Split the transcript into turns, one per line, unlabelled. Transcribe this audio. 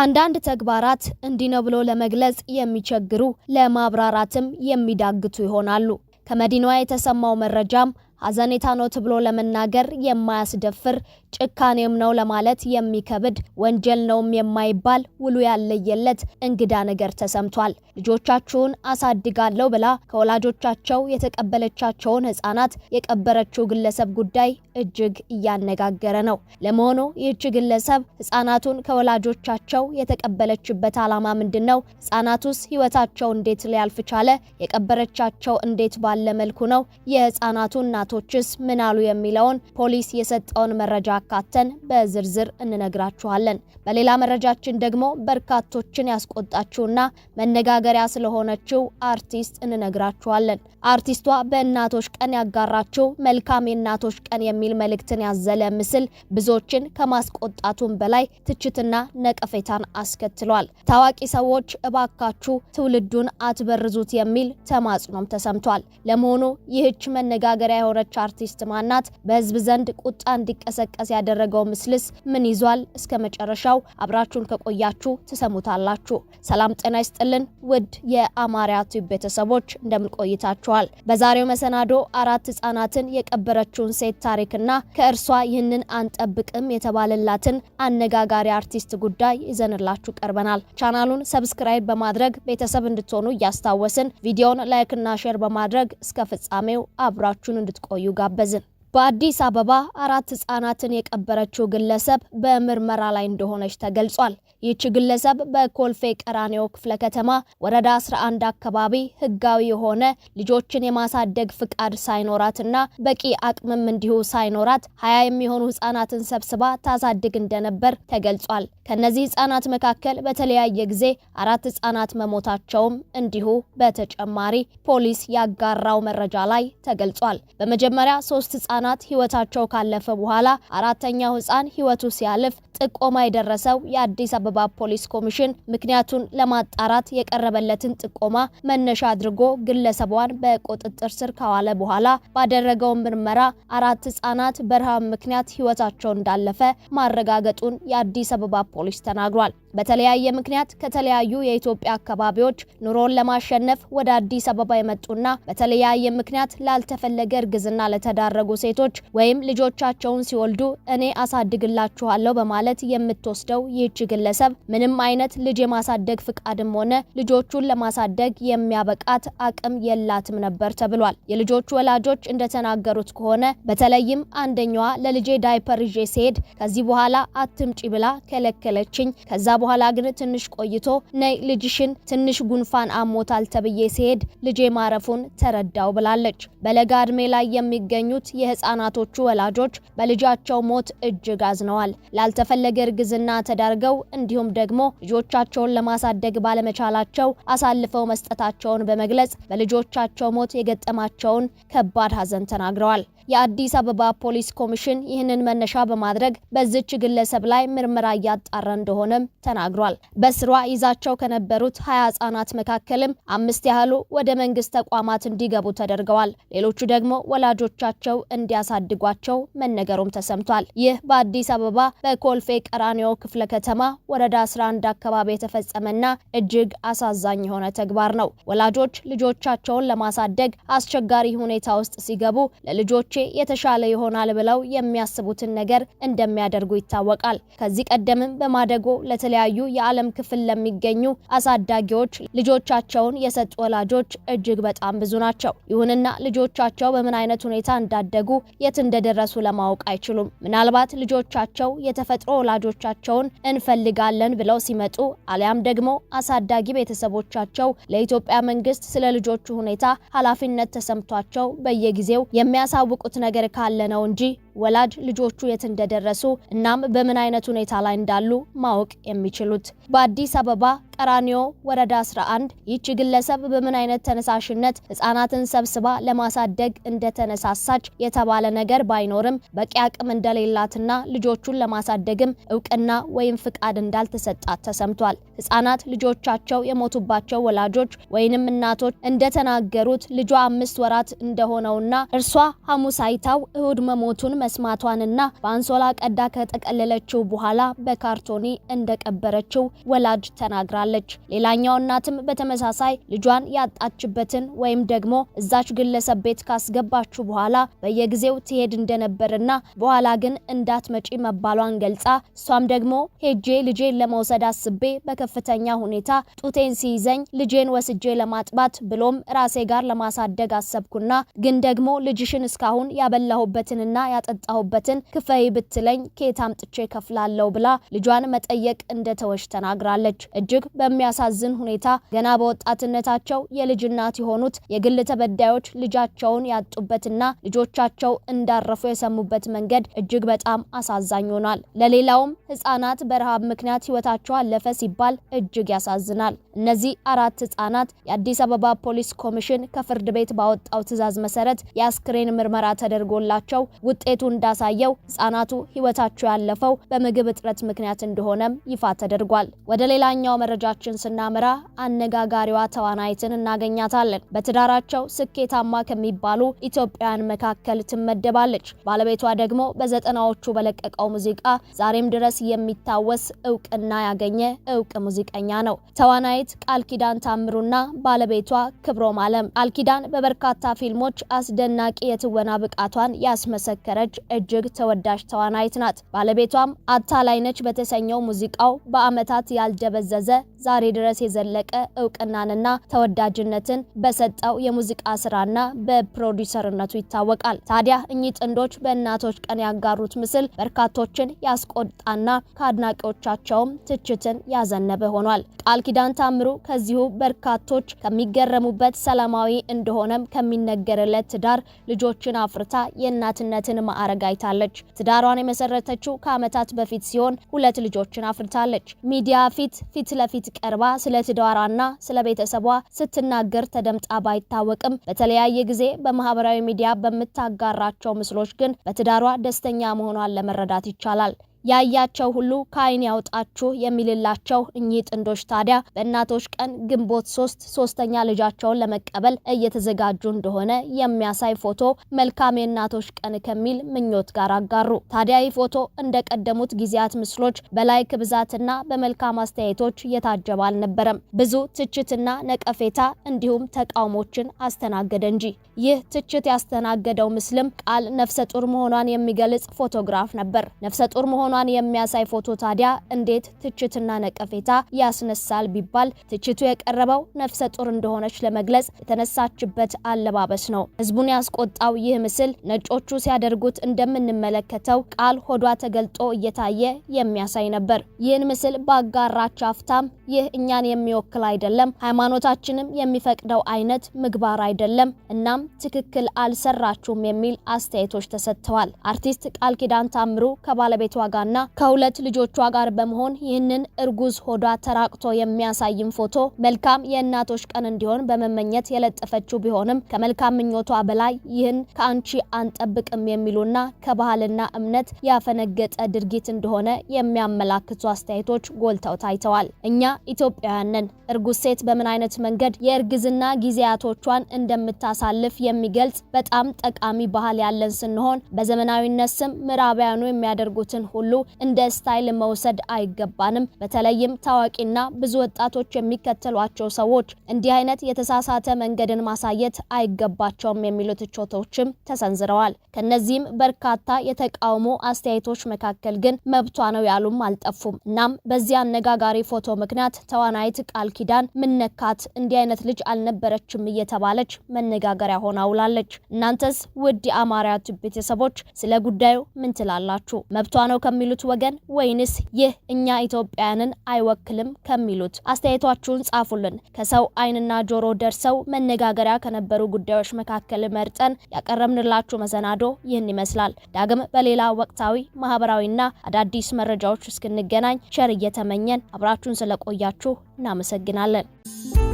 አንዳንድ ተግባራት እንዲህ ነው ብሎ ለመግለጽ የሚቸግሩ ለማብራራትም የሚዳግቱ ይሆናሉ። ከመዲናዋ የተሰማው መረጃም አዘኔታ ነው ተብሎ ለመናገር የማያስደፍር ጭካኔም ነው ለማለት የሚከብድ ወንጀል ነውም የማይባል ውሉ ያለየለት እንግዳ ነገር ተሰምቷል። ልጆቻችሁን አሳድጋለሁ ብላ ከወላጆቻቸው የተቀበለቻቸውን ሕጻናት የቀበረችው ግለሰብ ጉዳይ እጅግ እያነጋገረ ነው። ለመሆኑ ይህች ግለሰብ ሕጻናቱን ከወላጆቻቸው የተቀበለችበት ዓላማ ምንድን ነው? ሕጻናቱስ ሕይወታቸው እንዴት ሊያልፍ ቻለ? የቀበረቻቸው እንዴት ባለ መልኩ ነው? የሕጻናቱ እናቶ ወጣቶችስ ምን አሉ የሚለውን ፖሊስ የሰጠውን መረጃ አካተን በዝርዝር እንነግራችኋለን። በሌላ መረጃችን ደግሞ በርካቶችን ያስቆጣችውና መነጋገሪያ ስለሆነችው አርቲስት እንነግራችኋለን። አርቲስቷ በእናቶች ቀን ያጋራችው መልካም የእናቶች ቀን የሚል መልእክትን ያዘለ ምስል ብዙዎችን ከማስቆጣቱም በላይ ትችትና ነቀፌታን አስከትሏል። ታዋቂ ሰዎች እባካችሁ ትውልዱን አትበርዙት የሚል ተማጽኖም ተሰምቷል። ለመሆኑ ይህች መነጋገሪያ የኖረች አርቲስት ማናት? በህዝብ ዘንድ ቁጣ እንዲቀሰቀስ ያደረገው ምስልስ ምን ይዟል? እስከ መጨረሻው አብራችሁን ከቆያችሁ ትሰሙታላችሁ። ሰላም ጤና ይስጥልን ውድ የአማርያ ቲዩብ ቤተሰቦች እንደምን ቆይታችኋል? በዛሬው መሰናዶ አራት ህጻናትን የቀበረችውን ሴት ታሪክና ከእርሷ ይህንን አንጠብቅም የተባለላትን አነጋጋሪ አርቲስት ጉዳይ ይዘንላችሁ ቀርበናል። ቻናሉን ሰብስክራይብ በማድረግ ቤተሰብ እንድትሆኑ እያስታወስን ቪዲዮን ላይክና ሼር በማድረግ እስከ ፍጻሜው አብራችሁን እንድትቆ እንድትቆዩ ጋበዝን። በአዲስ አበባ አራት ህጻናትን የቀበረችው ግለሰብ በምርመራ ላይ እንደሆነች ተገልጿል። ይህች ግለሰብ በኮልፌ ቀራኒዮ ክፍለ ከተማ ወረዳ 11 አካባቢ ህጋዊ የሆነ ልጆችን የማሳደግ ፍቃድ ሳይኖራትና በቂ አቅምም እንዲሁ ሳይኖራት ሀያ የሚሆኑ ህጻናትን ሰብስባ ታሳድግ እንደነበር ተገልጿል። ከነዚህ ህጻናት መካከል በተለያየ ጊዜ አራት ህጻናት መሞታቸውም እንዲሁ በተጨማሪ ፖሊስ ያጋራው መረጃ ላይ ተገልጿል። በመጀመሪያ ሶስት ህጻናት ህጻናት ህይወታቸው ካለፈ በኋላ አራተኛው ህጻን ህይወቱ ሲያልፍ ጥቆማ የደረሰው የአዲስ አበባ ፖሊስ ኮሚሽን ምክንያቱን ለማጣራት የቀረበለትን ጥቆማ መነሻ አድርጎ ግለሰቧን በቁጥጥር ስር ካዋለ በኋላ ባደረገው ምርመራ አራት ህጻናት በረሃብ ምክንያት ህይወታቸው እንዳለፈ ማረጋገጡን የአዲስ አበባ ፖሊስ ተናግሯል። በተለያየ ምክንያት ከተለያዩ የኢትዮጵያ አካባቢዎች ኑሮን ለማሸነፍ ወደ አዲስ አበባ የመጡና በተለያየ ምክንያት ላልተፈለገ እርግዝና ለተዳረጉ ሴቶች ወይም ልጆቻቸውን ሲወልዱ እኔ አሳድግላችኋለሁ በማለት የምትወስደው ይህች ግለሰብ ምንም አይነት ልጅ የማሳደግ ፍቃድም ሆነ ልጆቹን ለማሳደግ የሚያበቃት አቅም የላትም ነበር ተብሏል። የልጆቹ ወላጆች እንደተናገሩት ከሆነ በተለይም አንደኛዋ ለልጄ ዳይፐር ይዤ ስሄድ ከዚህ በኋላ አትምጪ ብላ ከለከለችኝ። ከዛ በኋላ ግን ትንሽ ቆይቶ ነይ ልጅሽን ትንሽ ጉንፋን አሞታል ተብዬ ሲሄድ ልጄ ማረፉን ተረዳው ብላለች። በለጋ እድሜ ላይ የሚገኙት የህፃናቶቹ ወላጆች በልጃቸው ሞት እጅግ አዝነዋል። ላልተፈለገ እርግዝና ተዳርገው እንዲሁም ደግሞ ልጆቻቸውን ለማሳደግ ባለመቻላቸው አሳልፈው መስጠታቸውን በመግለጽ በልጆቻቸው ሞት የገጠማቸውን ከባድ ሀዘን ተናግረዋል። የአዲስ አበባ ፖሊስ ኮሚሽን ይህንን መነሻ በማድረግ በዚች ግለሰብ ላይ ምርመራ እያጣራ እንደሆነም ተናግሯል። በስሯ ይዛቸው ከነበሩት ሀያ ህጻናት መካከልም አምስት ያህሉ ወደ መንግስት ተቋማት እንዲገቡ ተደርገዋል። ሌሎቹ ደግሞ ወላጆቻቸው እንዲያሳድጓቸው መነገሩም ተሰምቷል። ይህ በአዲስ አበባ በኮልፌ ቀራኒዮ ክፍለ ከተማ ወረዳ 11 አካባቢ የተፈጸመና እጅግ አሳዛኝ የሆነ ተግባር ነው። ወላጆች ልጆቻቸውን ለማሳደግ አስቸጋሪ ሁኔታ ውስጥ ሲገቡ ለልጆቼ የተሻለ ይሆናል ብለው የሚያስቡትን ነገር እንደሚያደርጉ ይታወቃል። ከዚህ ቀደምም በማደጎ ለተለያዩ በተለያዩ የዓለም ክፍል ለሚገኙ አሳዳጊዎች ልጆቻቸውን የሰጡ ወላጆች እጅግ በጣም ብዙ ናቸው። ይሁንና ልጆቻቸው በምን አይነት ሁኔታ እንዳደጉ፣ የት እንደደረሱ ለማወቅ አይችሉም። ምናልባት ልጆቻቸው የተፈጥሮ ወላጆቻቸውን እንፈልጋለን ብለው ሲመጡ አሊያም ደግሞ አሳዳጊ ቤተሰቦቻቸው ለኢትዮጵያ መንግስት ስለ ልጆቹ ሁኔታ ኃላፊነት ተሰምቷቸው በየጊዜው የሚያሳውቁት ነገር ካለ ነው እንጂ ወላጅ ልጆቹ የት እንደደረሱ እናም በምን አይነት ሁኔታ ላይ እንዳሉ ማወቅ የሚችሉት በአዲስ አበባ ቀራኒዮ ወረዳ 11 ይህች ግለሰብ በምን አይነት ተነሳሽነት ህጻናትን ሰብስባ ለማሳደግ እንደተነሳሳች የተባለ ነገር ባይኖርም በቂ አቅም እንደሌላትና ልጆቹን ለማሳደግም እውቅና ወይም ፍቃድ እንዳልተሰጣት ተሰምቷል። ህጻናት ልጆቻቸው የሞቱባቸው ወላጆች ወይንም እናቶች እንደተናገሩት ልጇ አምስት ወራት እንደሆነውና እርሷ ሐሙስ አይታው እሁድ መሞቱን መስማቷንና በአንሶላ ቀዳ ከጠቀለለችው በኋላ በካርቶኒ እንደቀበረችው ወላጅ ተናግራል። ሆናለች። ሌላኛው እናትም በተመሳሳይ ልጇን ያጣችበትን ወይም ደግሞ እዛች ግለሰብ ቤት ካስገባችሁ በኋላ በየጊዜው ትሄድ እንደነበርና በኋላ ግን እንዳትመጪ መባሏን ገልጻ እሷም ደግሞ ሄጄ ልጄን ለመውሰድ አስቤ በከፍተኛ ሁኔታ ጡቴን ሲይዘኝ ልጄን ወስጄ ለማጥባት ብሎም ራሴ ጋር ለማሳደግ አሰብኩና ግን ደግሞ ልጅሽን እስካሁን ያበላሁበትንና ያጠጣሁበትን ክፈይ ብትለኝ ከየት አምጥቼ ከፍላለሁ ብላ ልጇን መጠየቅ እንደተወች ተናግራለች። እጅግ በሚያሳዝን ሁኔታ ገና በወጣትነታቸው የልጅ እናት የሆኑት የግል ተበዳዮች ልጃቸውን ያጡበትና ልጆቻቸው እንዳረፉ የሰሙበት መንገድ እጅግ በጣም አሳዛኝ ሆኗል። ለሌላውም ህጻናት በረሃብ ምክንያት ህይወታቸው አለፈ ሲባል እጅግ ያሳዝናል። እነዚህ አራት ህጻናት የአዲስ አበባ ፖሊስ ኮሚሽን ከፍርድ ቤት ባወጣው ትዕዛዝ መሰረት የአስክሬን ምርመራ ተደርጎላቸው ውጤቱ እንዳሳየው ህጻናቱ ህይወታቸው ያለፈው በምግብ እጥረት ምክንያት እንደሆነም ይፋ ተደርጓል። ወደ ሌላኛው መረጃ መረጃችን ስናመራ አነጋጋሪዋ ተዋናይትን እናገኛታለን። በትዳራቸው ስኬታማ ከሚባሉ ኢትዮጵያውያን መካከል ትመደባለች። ባለቤቷ ደግሞ በዘጠናዎቹ በለቀቀው ሙዚቃ ዛሬም ድረስ የሚታወስ እውቅና ያገኘ እውቅ ሙዚቀኛ ነው። ተዋናይት ቃል ኪዳን ታምሩና ባለቤቷ ክብሮም አለም። ቃል ኪዳን በበርካታ ፊልሞች አስደናቂ የትወና ብቃቷን ያስመሰከረች እጅግ ተወዳጅ ተዋናይት ናት። ባለቤቷም አታላይነች በተሰኘው ሙዚቃው በዓመታት ያልደበዘዘ ዛሬ ድረስ የዘለቀ እውቅናንና ተወዳጅነትን በሰጠው የሙዚቃ ስራና በፕሮዲሰርነቱ ይታወቃል። ታዲያ እኚህ ጥንዶች በእናቶች ቀን ያጋሩት ምስል በርካቶችን ያስቆጣና ከአድናቂዎቻቸውም ትችትን ያዘነበ ሆኗል። ቃል ኪዳን ታምሩ ከዚሁ በርካቶች ከሚገረሙበት ሰላማዊ እንደሆነም ከሚነገርለት ትዳር ልጆችን አፍርታ የእናትነትን ማዕረግ አይታለች። ትዳሯን የመሰረተችው ከዓመታት በፊት ሲሆን ሁለት ልጆችን አፍርታለች። ሚዲያ ፊት ፊት ለፊት ቀርባ ስለ ትዳሯና ስለ ቤተሰቧ ስትናገር ተደምጣ ባይታወቅም በተለያየ ጊዜ በማህበራዊ ሚዲያ በምታጋራቸው ምስሎች ግን በትዳሯ ደስተኛ መሆኗን ለመረዳት ይቻላል። ያያቸው ሁሉ ከአይን ያውጣችሁ የሚልላቸው እኚህ ጥንዶች ታዲያ በእናቶች ቀን ግንቦት ሶስት ሶስተኛ ልጃቸውን ለመቀበል እየተዘጋጁ እንደሆነ የሚያሳይ ፎቶ መልካም የእናቶች ቀን ከሚል ምኞት ጋር አጋሩ። ታዲያ ይህ ፎቶ እንደቀደሙት ጊዜያት ምስሎች በላይክ ብዛትና በመልካም አስተያየቶች የታጀበ አልነበረም። ብዙ ትችትና ነቀፌታ እንዲሁም ተቃውሞችን አስተናገደ እንጂ ይህ ትችት ያስተናገደው ምስልም ቃል ነፍሰ ጡር መሆኗን የሚገልጽ ፎቶግራፍ ነበር። ነፍሰ ጡር መሆኗ መሆኗን የሚያሳይ ፎቶ ታዲያ እንዴት ትችትና ነቀፌታ ያስነሳል ቢባል ትችቱ የቀረበው ነፍሰ ጡር እንደሆነች ለመግለጽ የተነሳችበት አለባበስ ነው። ህዝቡን ያስቆጣው ይህ ምስል ነጮቹ ሲያደርጉት እንደምንመለከተው ቃል ሆዷ ተገልጦ እየታየ የሚያሳይ ነበር። ይህን ምስል በአጋራች አፍታም ይህ እኛን የሚወክል አይደለም፣ ሃይማኖታችንም የሚፈቅደው አይነት ምግባር አይደለም፣ እናም ትክክል አልሰራችሁም የሚል አስተያየቶች ተሰጥተዋል። አርቲስት ቃል ኪዳን ታምሩ ከባለቤቷ ጋር ና ከሁለት ልጆቿ ጋር በመሆን ይህንን እርጉዝ ሆዷ ተራቅቶ የሚያሳይም ፎቶ መልካም የእናቶች ቀን እንዲሆን በመመኘት የለጠፈችው ቢሆንም ከመልካም ምኞቷ በላይ ይህን ከአንቺ አንጠብቅም የሚሉና ከባህልና እምነት ያፈነገጠ ድርጊት እንደሆነ የሚያመላክቱ አስተያየቶች ጎልተው ታይተዋል። እኛ ኢትዮጵያውያን ነን። እርጉዝ ሴት በምን አይነት መንገድ የእርግዝና ጊዜያቶቿን እንደምታሳልፍ የሚገልጽ በጣም ጠቃሚ ባህል ያለን ስንሆን በዘመናዊነት ስም ምዕራባውያኑ የሚያደርጉትን ሁሉ እንደ ስታይል መውሰድ አይገባንም። በተለይም ታዋቂና ብዙ ወጣቶች የሚከተሏቸው ሰዎች እንዲህ አይነት የተሳሳተ መንገድን ማሳየት አይገባቸውም የሚሉ ትችቶችም ተሰንዝረዋል። ከነዚህም በርካታ የተቃውሞ አስተያየቶች መካከል ግን መብቷ ነው ያሉም አልጠፉም። እናም በዚህ አነጋጋሪ ፎቶ ምክንያት ተዋናይት ቃል ኪዳን ምነካት እንዲህ አይነት ልጅ አልነበረችም እየተባለች መነጋገሪያ ሆና ውላለች። እናንተስ ውድ የአማርያ ቲዩብ ቤተሰቦች ስለ ጉዳዩ ምን ትላላችሁ? መብቷ ነው ከሚሉት ወገን ወይንስ ይህ እኛ ኢትዮጵያውያንን አይወክልም ከሚሉት? አስተያየቷችሁን ጻፉልን። ከሰው አይንና ጆሮ ደርሰው መነጋገሪያ ከነበሩ ጉዳዮች መካከል መርጠን ያቀረብንላችሁ መሰናዶ ይህን ይመስላል። ዳግም በሌላ ወቅታዊ ማህበራዊና አዳዲስ መረጃዎች እስክንገናኝ ቸር እየተመኘን አብራችሁን ስለቆያችሁ እናመሰግናለን።